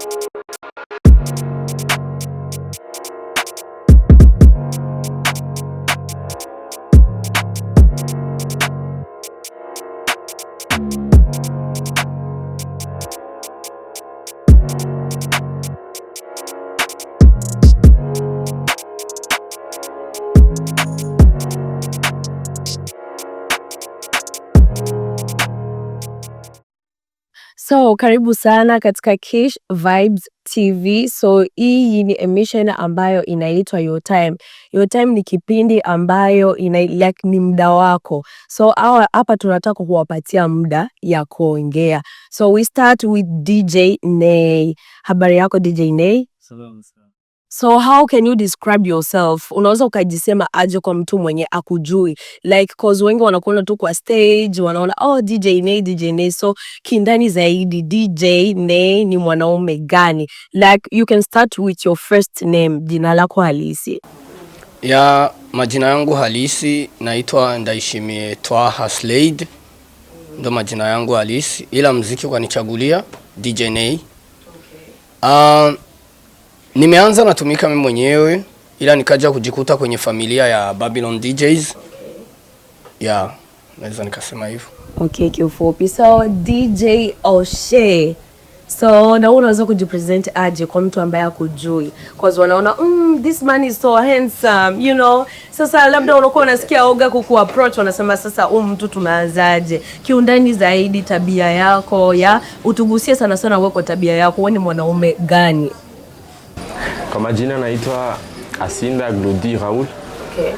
you So karibu sana katika Kish Vibes TV. So hii ni emission ambayo inaitwa Your Time. Your Time ni kipindi ambayo ina, like, ni muda wako. So hapa tunataka kuwapatia muda ya kuongea. So we start with DJ Nay. Habari yako DJ Nay? So how can you describe yourself? Unaweza ukajisema aje kwa mtu mwenye akujui? Like cause wengi wanakuona tu kwa stage, wanaona oh DJ Nay, DJ Nay. So kindani zaidi DJ Nay ni mwanaume gani? Like you can start with your first name, jina lako halisi. Ya majina yangu halisi naitwa Ndaishimie Twaha Slade. Ndo majina yangu halisi ila mziki ukanichagulia DJ Nay. Um, ah, nimeanza natumika mimi mwenyewe, ila nikaja kujikuta kwenye familia ya Babylon DJs. Ya, naweza nikasema hivyo. Okay, kiufupi. So DJ Oshe. So na wewe unaweza kujipresent aje kwa mtu ambaye akujui? Cause wanaona mm, this man is so handsome, you know. Sasa labda unakuwa unasikia oga kuku approach wanasema sasa huyu mtu tumeanzaje? Kiundani zaidi tabia yako ya utugusie sana sana wewe kwa tabia yako. Wewe ni mwanaume gani? Kwa majina naitwa Asinda Glodi Raul. Okay.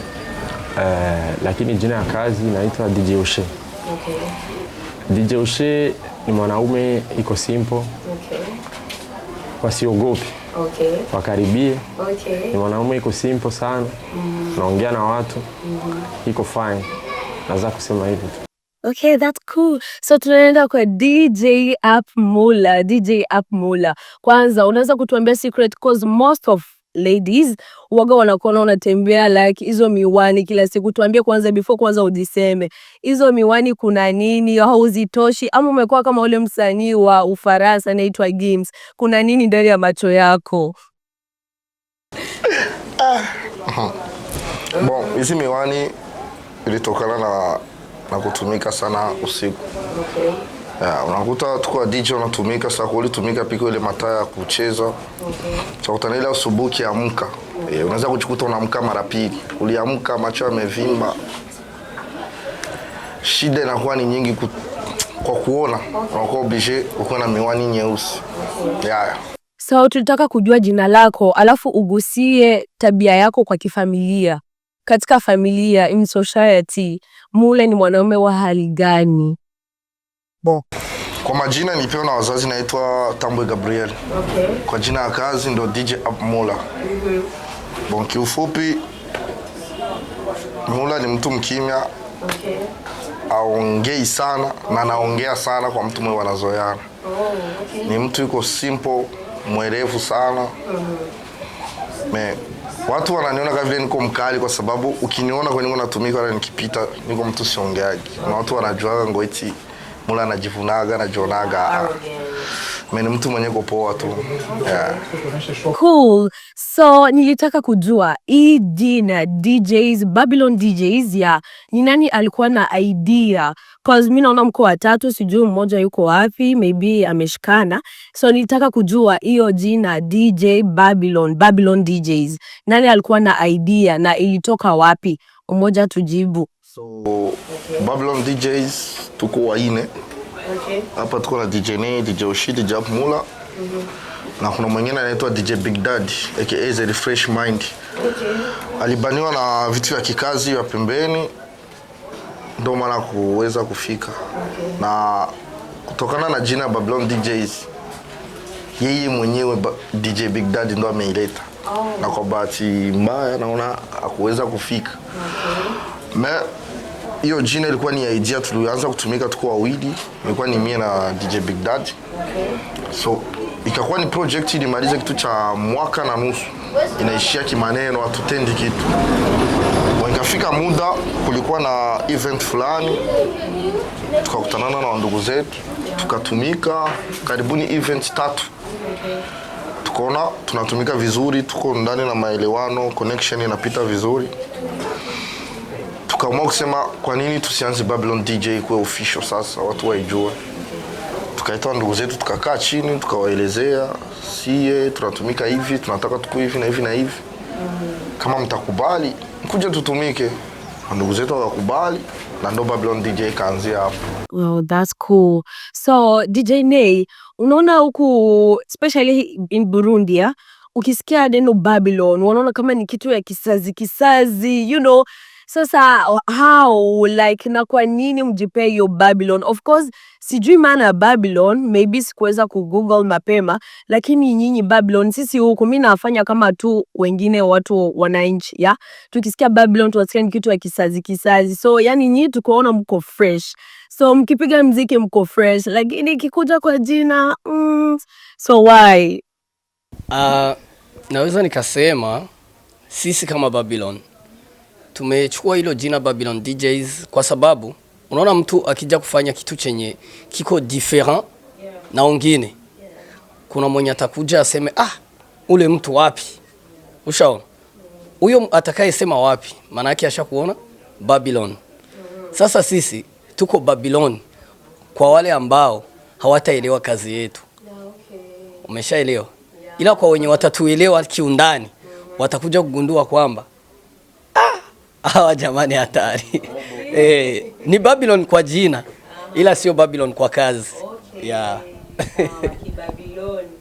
Uh, lakini jina ya kazi naitwa DJ Oshe. Okay. DJ Oshe ni mwanaume iko simple. Okay. Wasiogopi. Okay. Wakaribie. Okay. Ni mwanaume iko simple sana. Mm. Naongea na watu. Mm. Iko fine. Naweza kusema hivyo tu. Okay, that's cool. So tunaenda kwa DJ App Mola. DJ App Mola. Kwanza unaweza kutuambia secret cause most of ladies waga wanakuona unatembea like hizo miwani kila siku. Tuambie kwanza before kwanza ujiseme. Hizo miwani kuna nini? Hauzitoshi ama umekuwa kama ule msanii wa Ufaransa anaitwa Gims. Kuna nini ndani ya macho yako? Ah. Bon, hizi miwani ilitokana na na kutumika sana usiku. Okay. Yeah, unakuta tukwa DJ unatumika sasa kuli tumika piko ile mataa ya kucheza. Okay. Utakutana ile asubuhi kiamka. Okay. Yeah, unaweza kujikuta unaamka mara pili. Uliamka macho yamevimba. Shida inakuwa ni nyingi ku, kwa kuona. Okay. Unakuwa uko na miwani nyeusi. Okay. Yeah. So, tulitaka kujua jina lako alafu ugusie tabia yako kwa kifamilia katika familia, in society, Mule ni mwanaume wa hali gani? Bon. Kwa majina nilipewa na wazazi, naitwa Tambwe Gabriel. Okay. Kwa jina ya kazi ndo DJ Up Mm-hmm. Bon, kiufupi Mula ni mtu mkimya. Okay. Aongei sana na naongea sana kwa mtu mwe wanazoeana. Oh, okay. Ni mtu yuko simple, mwerevu sana. Mm-hmm. Me Watu wananiona kama vile niko mkali, kwa sababu ukiniona kwenye natumika wala nikipita, niko mtu siongeagi, na watu wanajuaga ngoiti mula anajivunaga najionaga mimi ni mtu mwenye kupoa tu. Yeah. Cool. So nilitaka kujua hii e dina DJs Babylon DJs ya ni nani alikuwa na idea cause mimi naona mko watatu, sijui mmoja yuko wapi, maybe ameshikana. So nilitaka kujua hiyo e jina DJ Babylon, Babylon DJs, nani alikuwa na idea na ilitoka wapi? Mmoja tujibu. So Babylon DJs tuko waine hapa Tuko na DJ Nay, DJ Oshi, DJ Up Mula mm -hmm. na kuna mwingine anaitwa DJ Big Dad, aka The Refresh Mind okay. Alibaniwa na vitu vya kikazi vya pembeni ndio maana kuweza kufika okay. na kutokana na jina Babylon DJs yeye mwenyewe DJ Big Dad ndo ameileta oh. na kwa bahati mbaya naona akuweza kufika okay. Me, hiyo jina ilikuwa ni idea tulianza kutumika tuko wawili, ilikuwa ni mie na DJ Big Daddy. So ikakuwa ni project ilimaliza kitu cha mwaka na nusu, inaishia kimaneno, hatutendi kitu. Ikafika muda, kulikuwa na event fulani, tukakutanana na wandugu zetu, tukatumika karibuni event tatu, tukaona tunatumika vizuri, tuko ndani na maelewano, connection inapita vizuri umeamua kusema kwa nini tusianze Babylon DJ kuwe official sasa, watu waijue. Tukaita ndugu zetu, tukakaa chini, tukawaelezea sie tunatumika hivi, tunataka tuku hivi na hivi na hivi, kama mtakubali mkuja tutumike. Ndugu zetu wakakubali na ndo Babylon DJ kaanzia hapo. oh, that's cool. So DJ Nay, unaona huku especially in Burundi ya ah, ukisikia neno Babylon wanaona kama ni kitu ya kisazi kisazi, you know sasa how like na kwa nini mjipe hiyo Babylon? Of course sijui maana ya Babylon, maybe sikuweza kugoogle mapema, lakini nyinyi Babylon, sisi huku mi nafanya kama tu wengine watu wananchi ya tukisikia Babylon tunasikia ni kitu ya kisazi kisazi, so yani nyinyi tukuona mko fresh, so mkipiga mziki mko fresh, lakini ikikuja kwa jina mm, so why? Uh, naweza nikasema sisi kama Babylon Tumechukua hilo jina Babylon DJs kwa sababu unaona mtu akija kufanya kitu chenye kiko different na wengine, kuna mwenye atakuja aseme ah, ule mtu wapi? Ushaona huyo atakayesema wapi, maana yake ashakuona Babylon. Sasa sisi tuko Babylon kwa wale ambao hawataelewa kazi yetu, umeshaelewa, ila kwa wenye watatuelewa kiundani watakuja kugundua kwamba Hawa jamani, hatari eh, ni Babylon kwa jina ila sio Babylon kwa kazi. Okay. Yeah.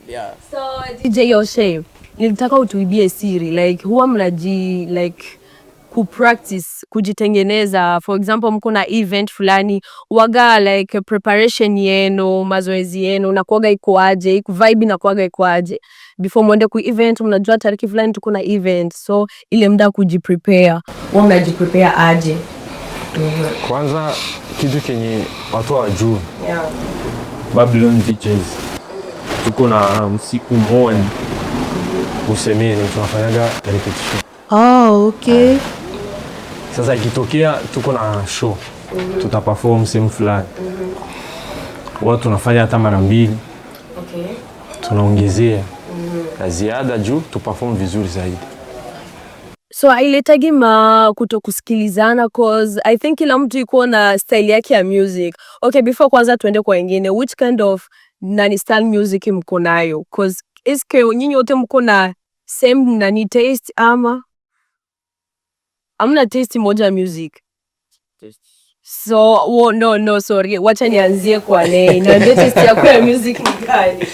yeah. So DJ nilitaka utuibie siri like huwa mnaji like ku practice kujitengeneza, for example mko na event fulani waga like preparation yenu mazoezi yenu na kuaga ikoaje? Vibe na ikoaje? before mwende ku event, mnajua tariki fulani tuko na event, so ile muda kujiprepare. Wao mnajiprepare aje? Kwanza kitu kenye watu hawajui, yeah. Babylon DJs tuko na msiku um, mmoja Busemeni tunafanyaga tisho. Oh, okay. Eh. Sasa ikitokea tuko na show tutaperform sehemu fulani mm-hmm. watu tunafanya hata mara mbili, okay. Tunaongezea na ziada juu tuperform vizuri zaidi. So ailetagi ma kuto kusikilizana cause I think kila mtu iko na style yake ya music. Okay, before kwanza tuende kwa wengine, which kind of nani style music mko nayo? Cause iske nyinyi wote mko na same nani taste ama amna taste moja ya music? So wo, no no, sorry, wacha nianzie kwa Nay. Niambie taste yako ya music ni gani?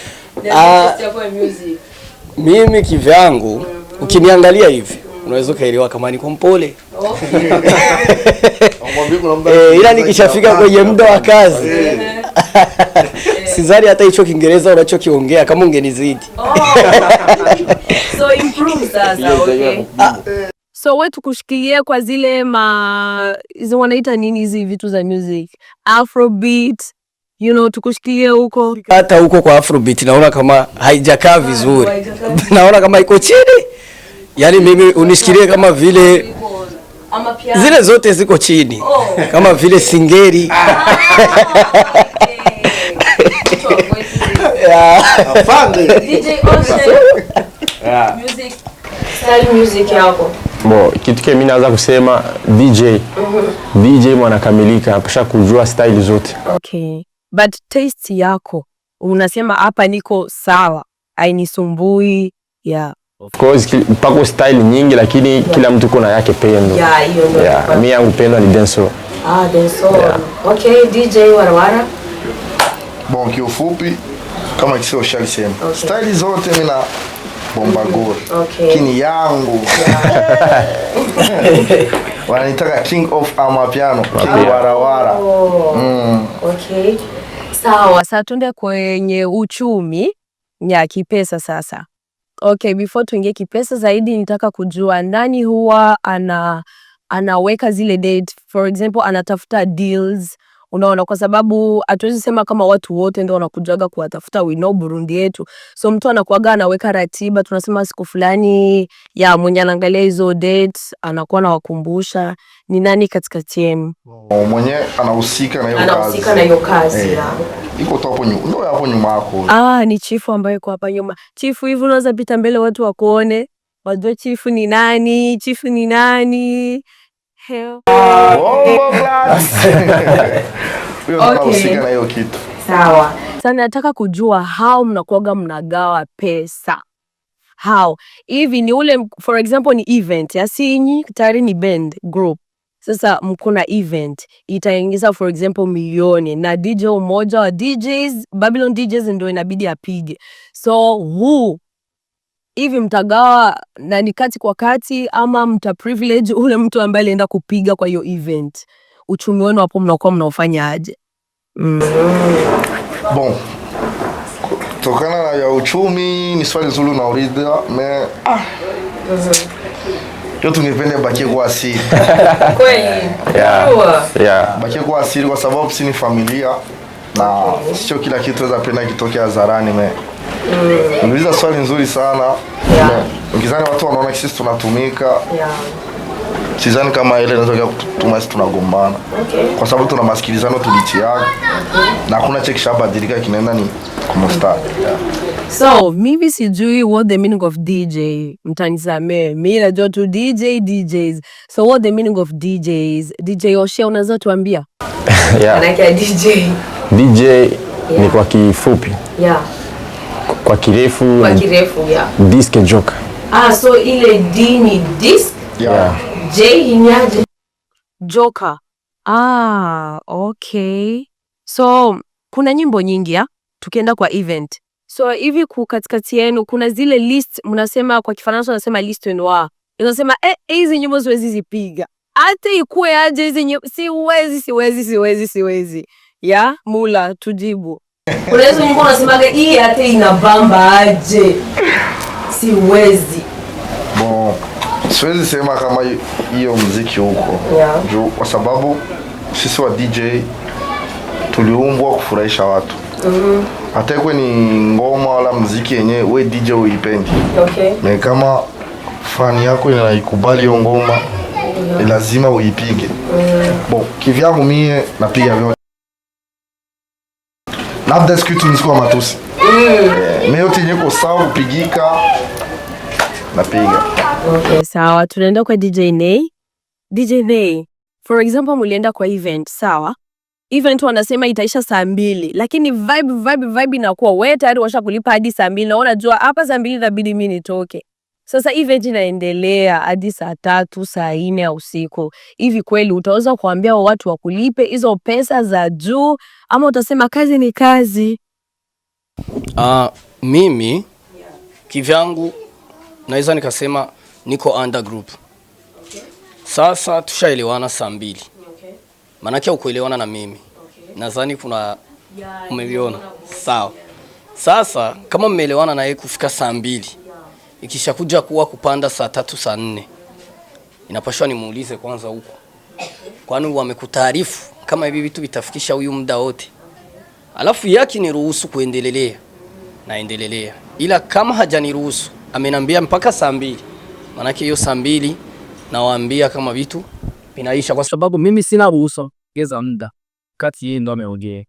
Ah, taste yako ya music mimi kivyangu, ukiniangalia hivi unaweza ukaelewa kama niko mpole eh, ila nikishafika kwenye muda wa kazi eh. sizani hata hicho Kiingereza unachokiongea kama ungenizidi. Oh. Ah. So we tukushikilie kwa zile ma wanaita nini hizi vitu za music Afrobeat you know, tukushikilie huko. Hata huko kwa Afrobeat naona kama haijakaa vizuri naona kama iko chini, yani mimi unishikilie kama vile zile zote ziko chini oh. kama vile singeri ah. Bo, kitu kile mimi kusema DJ, mm-hmm. DJ mwanakamilika apasha kujua style zote. Okay but taste yako unasema hapa niko sawa, ainisumbui ya yeah. Of course pako style nyingi lakini yeah. Kila mtu kuna yake pendo yeah, yeah. Mi yangu pendo ni denso ah, denso yeah. Okay, DJ Warawara bon, kiufupi kama kisio shali sema okay. Style zote mimi na bomba mm-hmm. gore okay. Kini yangu yeah. wananitaka king of amapiano king Warawara oh. mm. okay. Sawa, sasa tunde kwenye uchumi ya kipesa sasa. Okay, before tuingie kipesa zaidi, nitaka kujua nani huwa ana anaweka zile date, for example anatafuta deals Unaona, kwa sababu hatuwezi sema kama watu wote ndio wanakujaga kuwatafuta we know Burundi yetu. So mtu anakuaga anaweka ratiba, tunasema siku fulani ya mwenye anaangalia hizo dates anakuwa anawakumbusha ni nani katikati yenu mwenye anahusika na hiyo kazi, anahusika na hiyo kazi eh, iko tu hapo nyuma, ndio hapo nyuma yako. Ah, ni chifu ambaye iko hapa nyuma. Chifu hivi unaweza pita mbele, watu wakuone, wajue chifu ni nani, chifu ni nani. na hiyo kitu sawa. Sasa nataka kujua hao mnakuaga mnagawa pesa ha hivi, ni ule for example, ni event yasinyi tayari ni band group sasa na event itaingiza for example milioni na DJ mmoja wa DJs Babylon DJs ndio inabidi apige, so who hivi mtagawa nani kati kwa kati, ama mta privilege ule mtu ambaye alienda kupiga kwa hiyo event? Uchumi wenu hapo mnakuwa mnaofanya aje? Mm. Bon, kutokana ya uchumi ni swali zuri unauliza me ah. Yo tungependa bakie kwa asili kweli, yeah. yeah. bakie kwa asili kwa sababu si ni familia na sio kila kitu weza penda kitoke hadharani me Mm. Umeuliza swali nzuri sana yeah. Ukizani watu wanaona sisi tunatumika yeah. Sizani kama ile inaweza kutuma sisi tunagombana okay. Kwa sababu tuna masikilizano tulichi yake okay. Na hakuna cheki shabadilika kinaenda ni kumustari yeah. So mimi sijui what the meaning of DJ, mtanisamee, Mimi najua tu DJ DJs. So what the meaning of DJs? DJ Oshe unaweza tuambia? yeah. DJ DJ yeah. Ni kwa kifupi yeah kwa kirefu, kwa kirefu yeah. Disc joker. Ah, so ile D ni disc yeah. J inyaje joker. Ah, okay. So kuna nyimbo nyingi ya tukienda kwa event so hivi ku katikati yenu kuna zile list mnasema kwa Kifaransa unasema liste noire, Unasema eh, hizi nyimbo siwezi zipiga hata ikue aje, hizi nyimbo siwezi, siwezi, siwezi, siwezi. Ya mula tujibu kuna hizo nyimbo unasemaga hii hata inabamba aje? Siwezi. Bon, siwezi sema kama hiyo muziki huko. Yeah. Juu kwa sababu sisi wa DJ tuliumbwa kufurahisha watu. Mm Hata ni ngoma wala muziki yenyewe we DJ uipendi. Okay. Me kama fani yako inaikubali hiyo ngoma, lazima uipige. Mm mm-hmm. Bon, kivyangu mie napiga vyote labda siku hizi matusi mm. E, mimi yote niko sawa kupigika napiga. Okay, sawa, tunaenda kwa DJ Nay. DJ Nay, for example, mlienda kwa event sawa event wanasema itaisha saa mbili, lakini vibe vibe vibe inakuwa wewe tayari washa kulipa hadi saa mbili na unajua hapa saa mbili inabidi mimi nitoke. Sasa hii event inaendelea hadi saa tatu saa nne ya usiku hivi, kweli utaweza kuambia watu wakulipe hizo pesa za juu ama utasema kazi ni kazi? Uh, mimi kivyangu naweza nikasema niko under group. Sasa tushaelewana saa mbili, maanake ukuelewana na mimi nadhani kuna umeliona sawa. Sasa kama mmeelewana naye kufika saa mbili ikishakuja kuwa kupanda saa tatu saa nne inapashwa nimuulize kwanza huko, kwani wamekutaarifu kama hivi vitu vitafikisha huyu muda wote, alafu yake niruhusu kuendelelea naendelelea, ila kama hajaniruhusu amenambia mpaka saa mbili, maanake hiyo saa mbili nawaambia kama vitu vinaisha, kwa sababu mimi sina ruhusa kuongeza muda kati yeye ndo ameongea.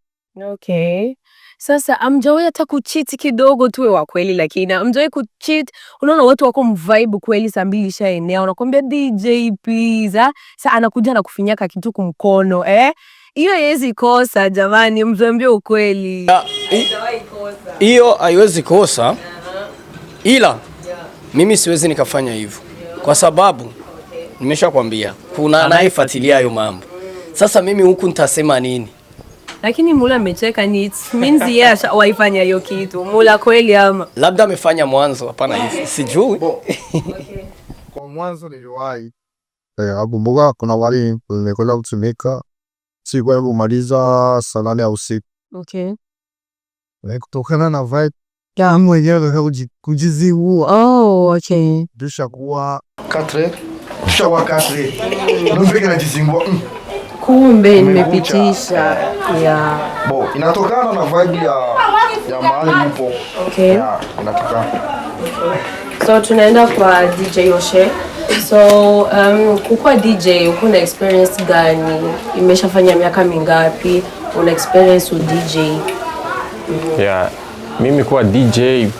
Okay. Sasa amjawai hata kuchit kidogo, tuwe wa kweli, lakini amjawahi kuchit. Unaona watu wako mvibe kweli, saa mbili ishaenea, unakwambia DJ please, ah, sasa anakuja na kufinyaka kitu kumkono eh, hiyo haiwezi kosa jamani, mzambie ukweli, ah, hiyo haiwezi kosa Ila yeah. Mimi siwezi nikafanya hivyo yeah. Kwa sababu okay. Nimeshakwambia kuna anayefuatilia hayo mambo mm. Sasa mimi huku nitasema nini? Lakini Mula amecheka ni it means yeye ashawaifanya hiyo kitu. Mula kweli ama? Labda amefanya mwanzo, hapana hivi. Sijui. Kwa mwanzo niliwahi. Eh, akumbuka kuna wali nilikwenda kutumika. Siku ya kumaliza saa nane ya usiku. Okay. Na eh, kutokana na vibe ya mwenyewe kujiziua. Oh, okay. Dusha kuwa katre. Dusha kuwa katre. Ndio fikira jizingua. Mm kumbe nimepitisha. ya Bo, inatokana na vibe ya ya mahali mpo. Okay. Yeah, inatokana. So tunaenda kwa DJ Oshe. So um, kukuwa DJ uko na experience gani? Imeshafanya miaka mingapi? Una experience u DJ? Mm. Mm-hmm. Yeah. Mimi kuwa DJ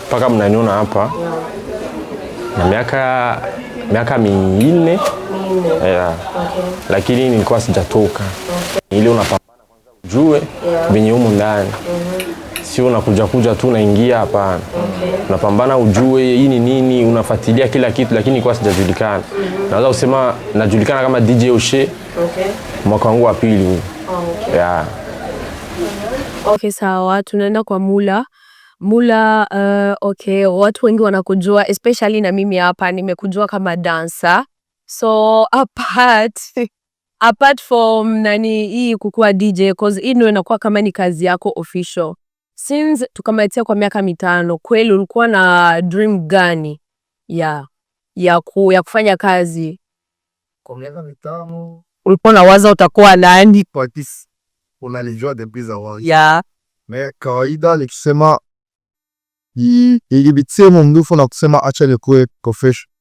mpaka mnaniona hapa. Yeah. Na miaka miaka minne yeah. Okay. Lakini nilikuwa sijatoka okay. Ili unapambana kwanza ujue yeah. Venye humu ndani mm -hmm. Sio unakuja kuja tu unaingia, hapana okay. Unapambana ujue hii ni nini, unafuatilia kila kitu, lakini nilikuwa sijajulikana mm -hmm. Naweza kusema najulikana kama DJ Oshe okay. Mwaka wangu wa pili huu oh, okay. Yeah. Okay, sawa, tunaenda kwa Mula Mula. Uh, okay, watu wengi wanakujua especially na mimi hapa nimekujua kama dansa So apart apart from nani hii kukuwa DJ cause hii ndio inakuwa kama ni kazi yako official. Since tukamaitia kwa miaka mitano, kweli ulikuwa na dream gani ya ya, ku, ya kufanya kazi kwa miaka mitano? Ulikuwa na waza utakuwa nani? Unalijua depuis awali. ya Me kawaida nikisema ilibitse mumdufu na kusema acha nikuwe professional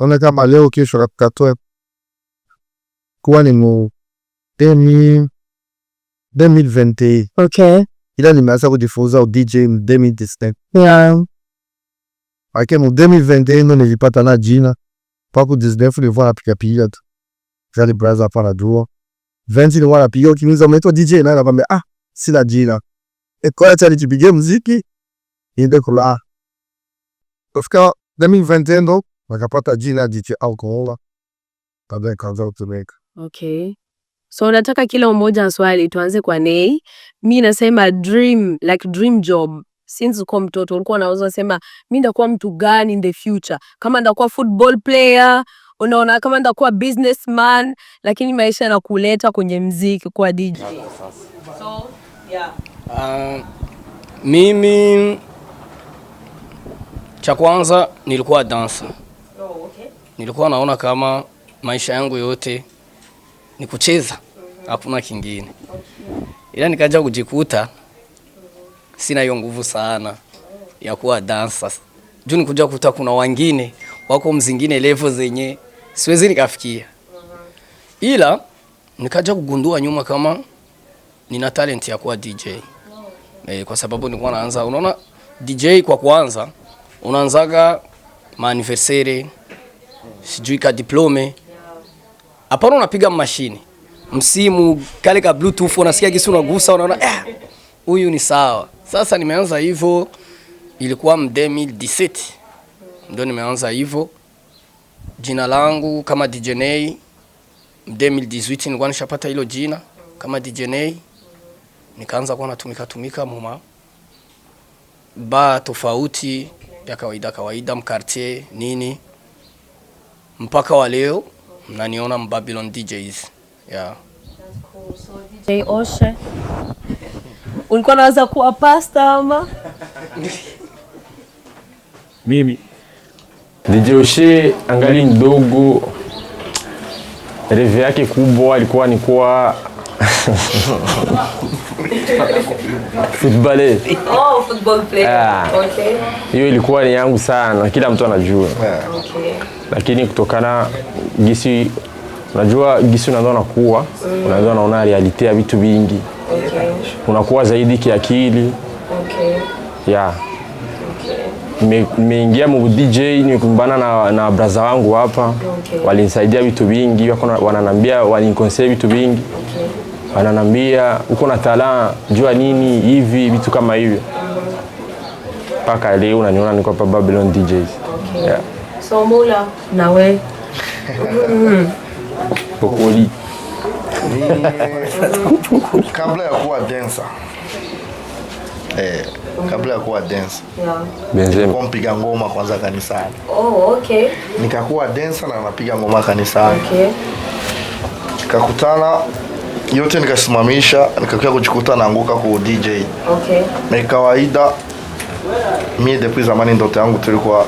Naona kama leo kesho katukatoe kuwa ni mu 2021 okay, ila nimeanza kujifunza udj mu 2017 yeah, lakini mu 2021 ndo nilipata na jina paku 19 nilikuwa napigapiga tu jali yaani braza hapa na duo 20 nilikuwa napiga, ukiniuliza unaitwa DJ na nakwambia ah, sina jina ekoya eh, cha nijipigie muziki niende kulaa kufika 2021 ndo wakapata jina jiche alkohola kada ikaanza kutumika. Okay. So nataka kila mmoja swali, tuanze kwa Nei. Mi nasema dream, like dream job since uko mtoto ulikuwa unaweza sema mi ndakuwa mtu gani in the future, kama ndakuwa football player, unaona, kama ndakuwa businessman, lakini maisha e yanakuleta kwenye mziki kwa DJ. So, yeah. Uh, mimi cha kwanza nilikuwa dancer nilikuwa naona kama maisha yangu yote ni kucheza, hakuna kingine, ila nikaja kujikuta sina hiyo nguvu sana ya kuwa dansa juu nikuja kuta kuna wengine wako mzingine level zenye siwezi nikafikia, ila nikaja kugundua nyuma kama nina talent ya kuwa DJ e, eh, kwa sababu nilikuwa naanza, unaona DJ kwa kwanza unaanzaga maaniversary sijui ka diplome. Hapana, unapiga mashini msimu kale ka bluetooth, unasikia kisu unagusa, unaona eh, huyu ni sawa. Sasa nimeanza hivyo, ilikuwa m 2017 ndio nimeanza hivyo. Jina langu kama DJ Nay, m 2018 nilikuwa nishapata hilo jina kama DJ Nay, nikaanza kuwa natumika tumika muma ba tofauti ya kawaida kawaida mkartie nini mpaka wa leo mnaniona Mbabylon DJs. Yeah. Cool. So, DJ Oshe ulikuwa naweza kuwa pasta ama? Mimi DJ Oshe angali mdogo, reve yake kubwa alikuwa ni kuwa Footballer. Oh, football player. Yeah. Okay. Hiyo ilikuwa ni yangu sana, kila mtu anajua. Yeah. Okay. Lakini kutokana gisi unajua gisi unaanza kuwa mm. unaanza unaona realite ya vitu vingi. Okay. Unakuwa zaidi kiakili. Okay. Yeah. Nimeingia mu DJ nikumbana na, na braza wangu hapa okay. Walinisaidia vitu vingi, wananambia walinikonsea vitu vingi okay ananambia uko na talaa, jua nini hivi vitu kama hivyo, mpaka leo unaniona niko hapa Babylon DJs. Okay. Yeah. So Mola na we Pokoli mm. kabla ya kuwa dancer eh, kabla ya kuwa dancer Yeah. nilikuwa mpiga ngoma kwanza kanisani. Oh, okay. Nikakuwa dancer na napiga ngoma kanisani. Okay. Kakutana yote nikasimamisha, nikakia kujikuta naanguka ku DJ. Okay. Na kawaida mimi depuis zamani ndoto yangu tulikuwa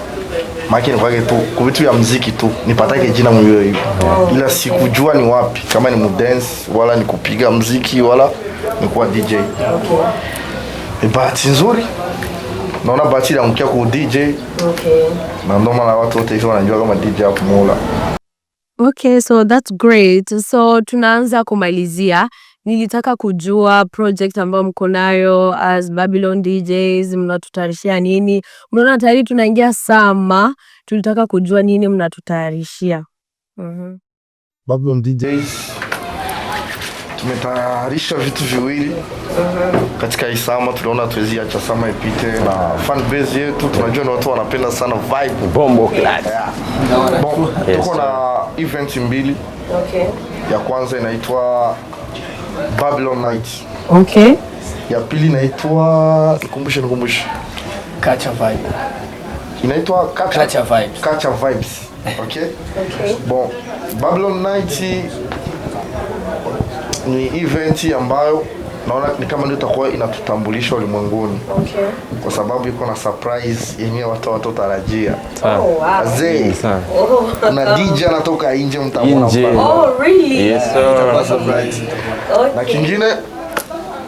maki ni kwake tu kwa vitu vya muziki tu nipatake jina mwenyewe hivi, oh. ila sikujua ni wapi, kama ni mudance wala ni kupiga muziki wala ni kuwa DJ. Okay. E, bahati nzuri naona bahati ya iliangukia ku DJ. Okay. Na ndio maana watu wote hivi wanajua kama DJ hapo Mola. Okay, so that's great. So tunaanza kumalizia, nilitaka kujua project ambayo mko nayo as Babylon DJs, mnatutayarishia nini? Mnaona tayari tunaingia sama, tulitaka kujua nini mnatutayarishia. mm -hmm. Babylon DJs tumetayarisha vitu viwili katika hii sama, tunaona tuwezi acha sama ipite, na fan base yetu tunajua ni watu wanapenda sana vibe bombo class. Tuko na event mbili. Okay. Ya kwanza inaitwa Babylon Night. Okay. Ya pili inaitwa nikumbushe, nikumbushe. Kacha vibe. Inaitwa Kacha, Kacha vibes. Kacha vibes. Okay? Okay. Bon, Babylon Night ni event ambayo naona ni kama ndio itakuwa inatutambulisha ulimwenguni okay. Kwa sababu iko na surprise yenyewe watu watotarajia oh, oh. na DJ anatoka nje mtamona oh, really? yes, okay. Na kingine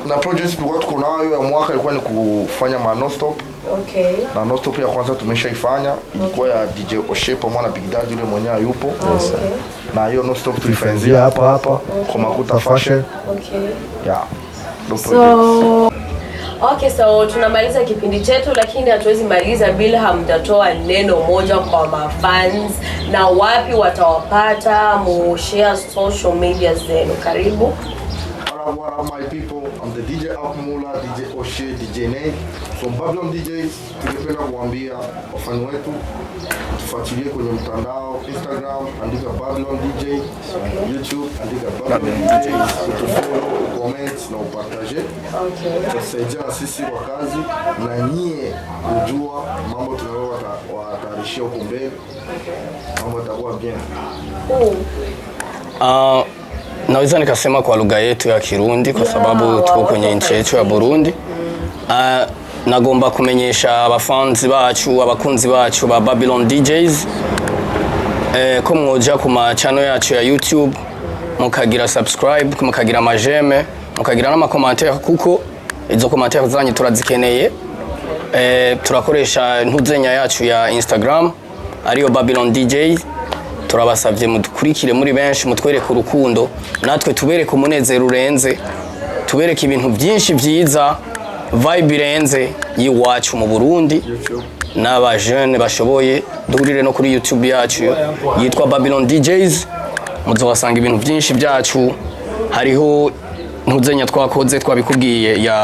na project tulikuwa tuko nayo ya mwaka ilikuwa ni kufanya ma non stop Okay. Na no ya kwanza tumeshaifanya ilikuwa ya DJ Oshepo mwana Big Daddy yule mwenyewe yupo. Yes. Okay. Na hiyo no stop hapa hapa kwa Makuta Fashion. Okay. Yeah. So Okay, so tunamaliza kipindi chetu, lakini hatuwezi maliza bila hamtatoa neno moja kwa mafans na wapi watawapata, mushare social media zenu. Karibu out one of my people. I'm the DJ Alpmula, DJ Oshie, DJ Nay. From Babylon DJs, tungependa kuambia wafani wetu tufuatilie kwenye mtandao Instagram, andika Babylon DJ, YouTube andika Babylon DJ, utufollow, ucomment na upartage. Tutasaidia na sisi kwa kazi na nyie kujua mambo tunayowatayarishia huko mbele, mambo yatakuwa bien. Uh, naweza nikasema kwa lugha yetu ya Kirundi kwa sababu tuko kwenye nchi yetu ya Burundi. Uh, nagomba kumenyesha abafanzi bacu abakunzi bacu ba Babylon DJs eh, ko mwoja ku machano yacu ya YouTube mukagira subscribe mukagira majeme mukagira n'amakomantere kuko izo komantere zanyu turazikeneye eh, turakoresha ntuzenya yacu ya Instagram ariyo Babylon DJs turabasabye mudukurikire muri benshi mutwereke urukundo natwe tubereke umunezero urenze tubereke ibintu byinshi byiza vibe irenze y'iwacu mu Burundi n'abajene bashoboye duhurire no kuri YouTube yacu yitwa Babylon DJs muzobasanga ibintu byinshi byacu hariho ntuzenya twakoze twabikubwiye ya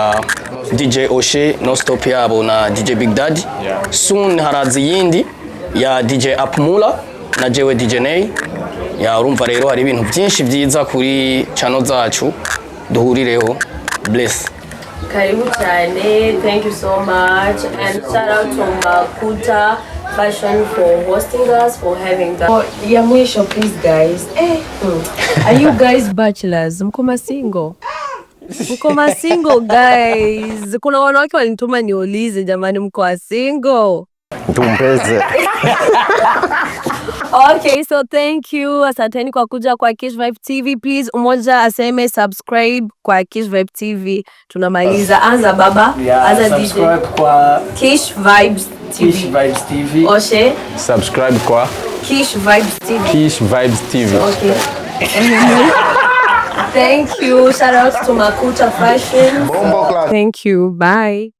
DJ Oshe no stop yabo na DJ Big Daddy soon harazi yindi ya DJ Apmula na jewe DJ Ney ya urumva rero hari ibintu byinshi byiza kuri chano zacu duhurireho bless karibu cyane thank you so much and shout out to Makuta Fashion for hosting us for having that. Oh, ya mwisho please guys. Eh, hmm. are you guys bachelors? Mko masingle? Mko masingle guys. Kuna wanawake walinituma niulize jamani mko wa single? Tumpeze. Okay, so thank you. Asanteni kwa kuja kwa Kish Vibe TV. Please umoja aseme subscribe kwa Kish Vibe TV. Tunamaliza. Ah. Anza baba. Yeah, Anza DJ. Kwa Kish Vibes TV. Kish Vibes TV. Oshe. Subscribe kwa Kish Vibes TV. Kish Vibes TV. Okay. Thank you. Shout out to Makuta Fashion. Bombo class. Thank you. Bye.